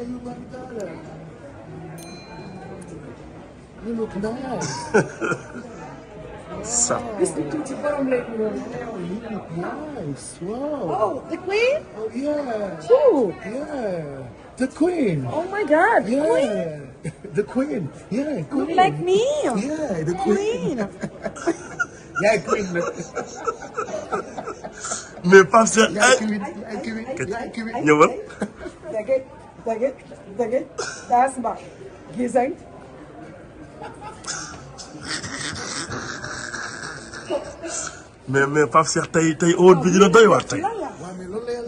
you my daughter. You look nice. wow. This the Gucci bomb lady. Wow, you look nice. Wow. Oh, the queen? Oh, yeah. Who? Yeah. The queen. Oh my god. Yeah. Queen? the queen. Yeah, queen. Look like me. Yeah, the queen. queen. yaay kiwit nag mais Pape Cheikh ay. yaay kiwit yaay kiwit ñëwal. Dagger, dagger, das war Gesang. mais mais Pape Cheikh tey tey óot bi dina doy waar tey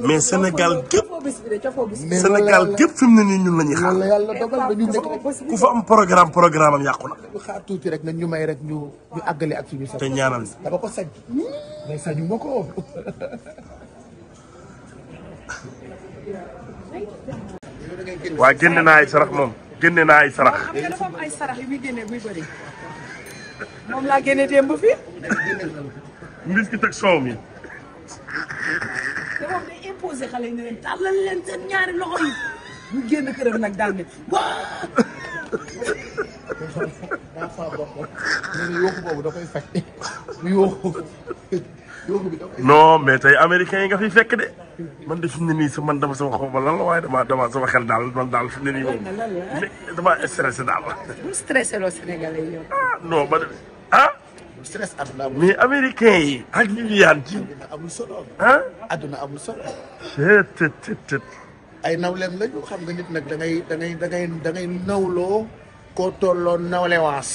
mais Sénégal gépp Sénégal gépp fi mu ne nii ñun la ñuy xaar yàlla dogal ba ñu nekk ku fa am programme programme am yàqu ñu xaar tuuti rek nañ ñu may rek ñu ñu àggale ak suñu. te ñaanal dama ko sañ. mais sañu ma ko. waa génne naa ay sarax moom génne naa ay sarax. xam nga génne buy bëri. moom laa génne démb fi. mbiskit mi. te moom day imposé xale yi ne leen tàllal leen seen ñaari loxo yi. ñu génn këram nag daal ne daa faa bopp nee na yooku boobu da koy faj yooku yooku bi da koy non mais tey américains yi nga fi fekk de man de fi mu ne nii sa man dama sama xaw ma lan la waaye dama dama sama xel daal man daal fi mu ne nii moom ah? dama stressé daal bu stressé loo Sénégalais yow ah non man ah stress àdduna amul mais américain yi ak Viviane ci àdduna amul solo ah àdduna amul solo tët tët tët ay nawleem lañu xam nga nit nag da ngay da ngay da ngay da ngay nawloo ko tolloo nawlewaas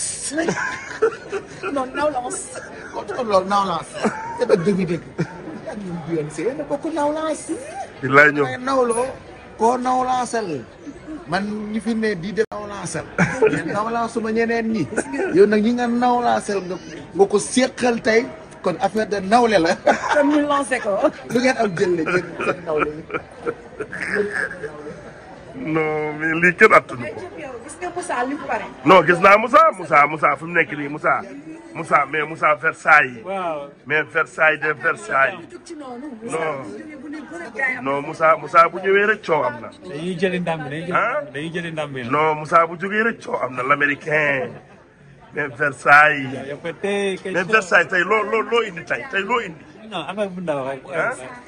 non nawlaas ko tolloo nawlaas dafa dëgg-dëgg ak ñun Beyoncé yéen a bokk nawlaas billaay ñoom nawloo koo man ñi fi ne di def nawlaasal nga ko séqal tey kon affaire de nawle la lu ngeen am jëlle jël nawle non mais lii kenn attanu gis naa Moussa Moussa Moussa fi mu nekk nii Moussa. Moussa mais Moussa Versailles. mais Versailles de Versailles. non non musaa Moussa bu ñëwee rek coow am na. dañuy jëli ndam bi dañuy jëli ndam bi non Moussa bu jógee rek coow am na l'américain. mais Versailles. mais Versailles tey loo loo loo indi tey loo indi. non a bu ndaw rek. Ah?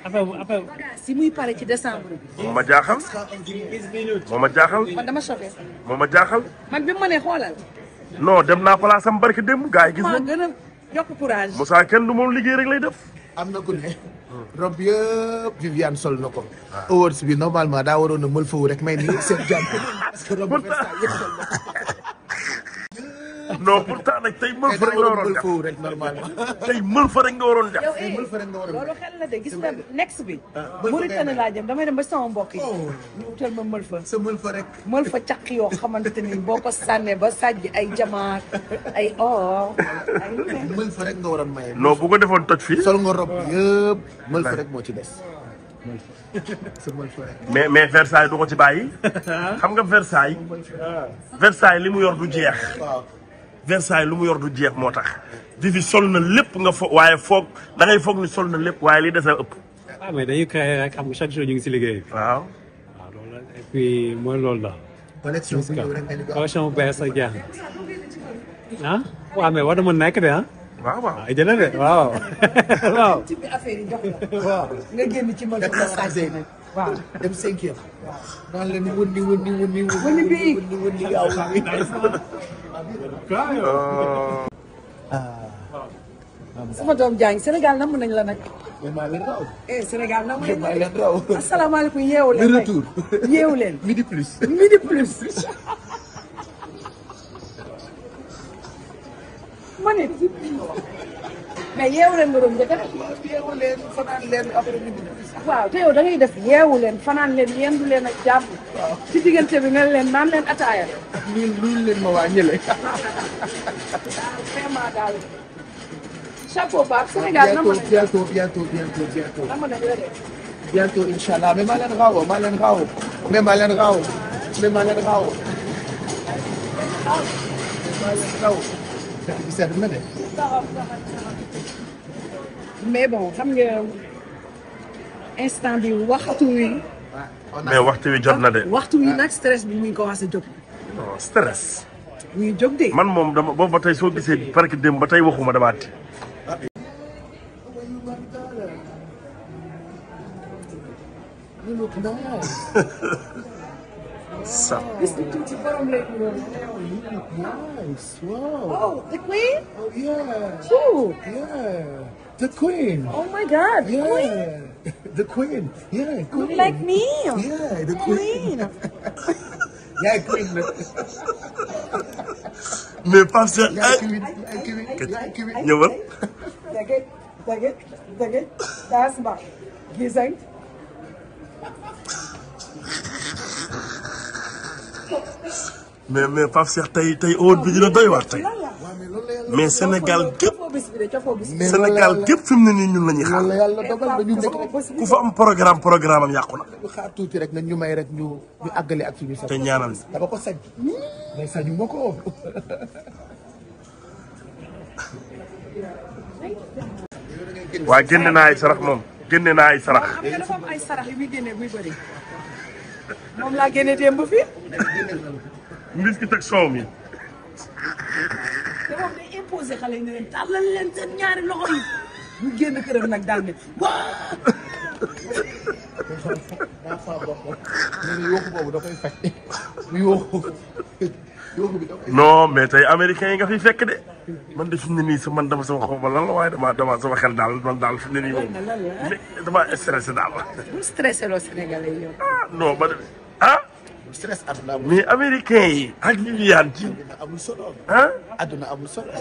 affaire bu affaire bu. si muy pare ci jaaxal. moo ma jaaxal. man dama jaaxal. man bi ma xoolal. non dem naa place am barke démb gars yi gis nga. maa gën a yokk courage. kenn du moom liggéey rek lay def. am na ku ne. rob yëpp Viviane sol na ko. bi normalement daa waroon a mël fawu rek may ni seen jàmm. non pourtant nag tey mël fa rek nga waroon def rek normalement tey mël fa rek nga waroon def. Eh, mël fa rek nga waroon def loolu xel na de gis nga next bi. Ah, Mauritanie laa jëm damay dem ba sama mbokk yi. Oh. ñu utal ma mël fa. sa mël fa rek. mël fa caq yoo xamante ni boo ko sànnee ba sàjj ay jamaar ay or ay mël fa rek nga waroon maye. non bu ko defoon toj fii. sol nga rob yëpp mël fa rek moo ci des. mais mais Versailles du ko ci bàyyi. xam nga Versailles. Versailles li mu yor du jeex. Versailles lu mu yor du jeex moo tax Vivi sol na lépp nga fo waaye foog da ngay foog ni sol na lépp waaye li des a ëpp. ah mais dañuy créer rek xam nga chaque ñu ngi si liggéey bi. waaw waaw mooy loolu la. collection bu bu bees ak jeex na ah nekk de ah. waaw waaw ay jëlee de waaw. waaw type affaire yi waaw nga génn ci man. waaw dem cinquième. waaw naan la ni wën ni wën ni wën ni wën ni wën ni wën ni wën Ah. sama doom jàng Sénégal namm nañ la nag. maa leen raw. eh Sénégal namm nañ la maa leen raw. asalaamaaleykum yeewu leen rek de retour. yeewu leen midi plus. midi plus. ma ne mais yeewu leen nga doon njëkk rek. yeewu leen fanaan leen après ñu dugg waaw te yow da ngay def yeewu leen fanaan leen yendu leen ak jàmm. waaw ci diggante bi mel leen naan leen ataaya. luul luul leen ma waa ñële. vraiment daal chapeau baax Sénégal na ma ne. bientôt bientôt bientôt bientôt. na ma ne la de. bientôt incha leen raawoo maa leen leen raawoo. mais maa leen raawoo. mais maa leen raawoo. sedd na mais bon xam nga instant bi waxtu wi. mais waxtu wi jot na de. waxtu wi nag stress bi mu ngi commencé jóg. non stress. mu jóg de. man moom dama boobu ba tey soo gisee parce que démb ba tey waxuma damaa So. This the Gucci farm lady one. Nice. Wow. Oh, the queen? Oh, yeah. Cool. Yeah. The queen. Oh, my God. The yeah. Queen? the queen. Yeah, queen. Look like me. Yeah, the queen. yeah, queen. Mais pas ça. Yeah, queen. Yeah, queen. Yeah, queen. Ñëwal. Dëgg, dëgg, dëgg. That's my. Gisant. mais mais Pape Cheikh tey tey óot bi a doy waar tey mais Sénégal gépp Sénégal gépp fi mu ne nii ñun la ñuy xaar ku fa am programme programme am yàqu na. ñu xaar tuuti rek nañ ñu may rek ñu ñu àggale ak suñu. te ñaanal dama ko sañ. mais sañu ma ko. waa génne naa ay sarax moom génne naa ay sarax. mbiskit ak soow mi. te yi ne leen tàllal leen seen ñaari loxo yi ne waaw. daa faa boppam mais yooku boobu da koy faj yooku yooku bi da koy. nga fi fekk man ne man dama sama xaw ma lan la waaye dama dama xel ne nii moom dama stressé loo Sénégalais yow. ah non ba stress àdduna amul mais américain yi amul solo ah àdduna amul solo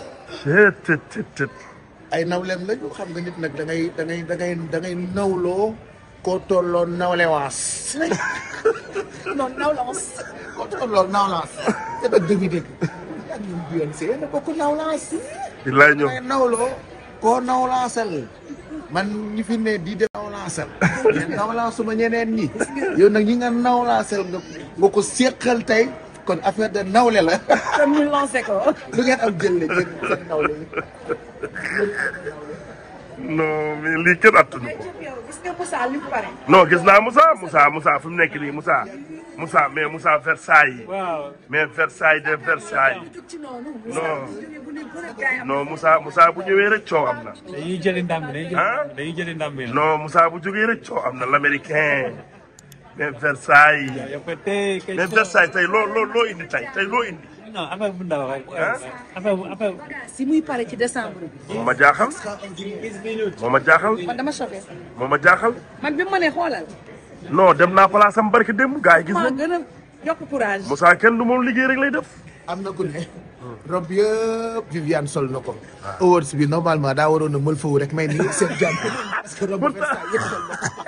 tët tët tët ay nawleem lañu xam nga nit nag dangay dangay da ngay da ngay da ngay nawloo koo tolloo nawlewaas non nawlaas koo tolloo nawlaas te ba man ñi fi ne di parcelle naw laa suma ñeneen ñi yow nag ñi nga naw laa sel nga nga ko séqal tey kon affaire de nawle la kon ñu lancé ko lu ngeen am jëlle jël nawle non mais lii kenn attanu ko. non gis naa Moussa Moussa Moussa fu mu nekk nii Moussa. Moussa mais Moussa Versailles. mais Versailles de Versailles. non non Moussa Moussa bu ñëwee rek coow am na. dañuy jëli ndam bi dañuy jëli ndam bi non Moussa bu jógee rek coow am na l'américain. mais Versailles. mais Versailles tey loo loo loo indi tey tey loo indi. non affaire bu ndaw rek. affaire bu affaire bu. si muy pare ci décembre. moo ma jaaxal. moo ma jaaxal. man dama jaaxal. man bi ma xoolal. non dem naa place am barke démb gars yi gis kenn du moom liggéey rek lay def. am na ku ne. rob yëpp Viviane sol na ko. bi normalement daa waroon a mël fawu rek may ni sol na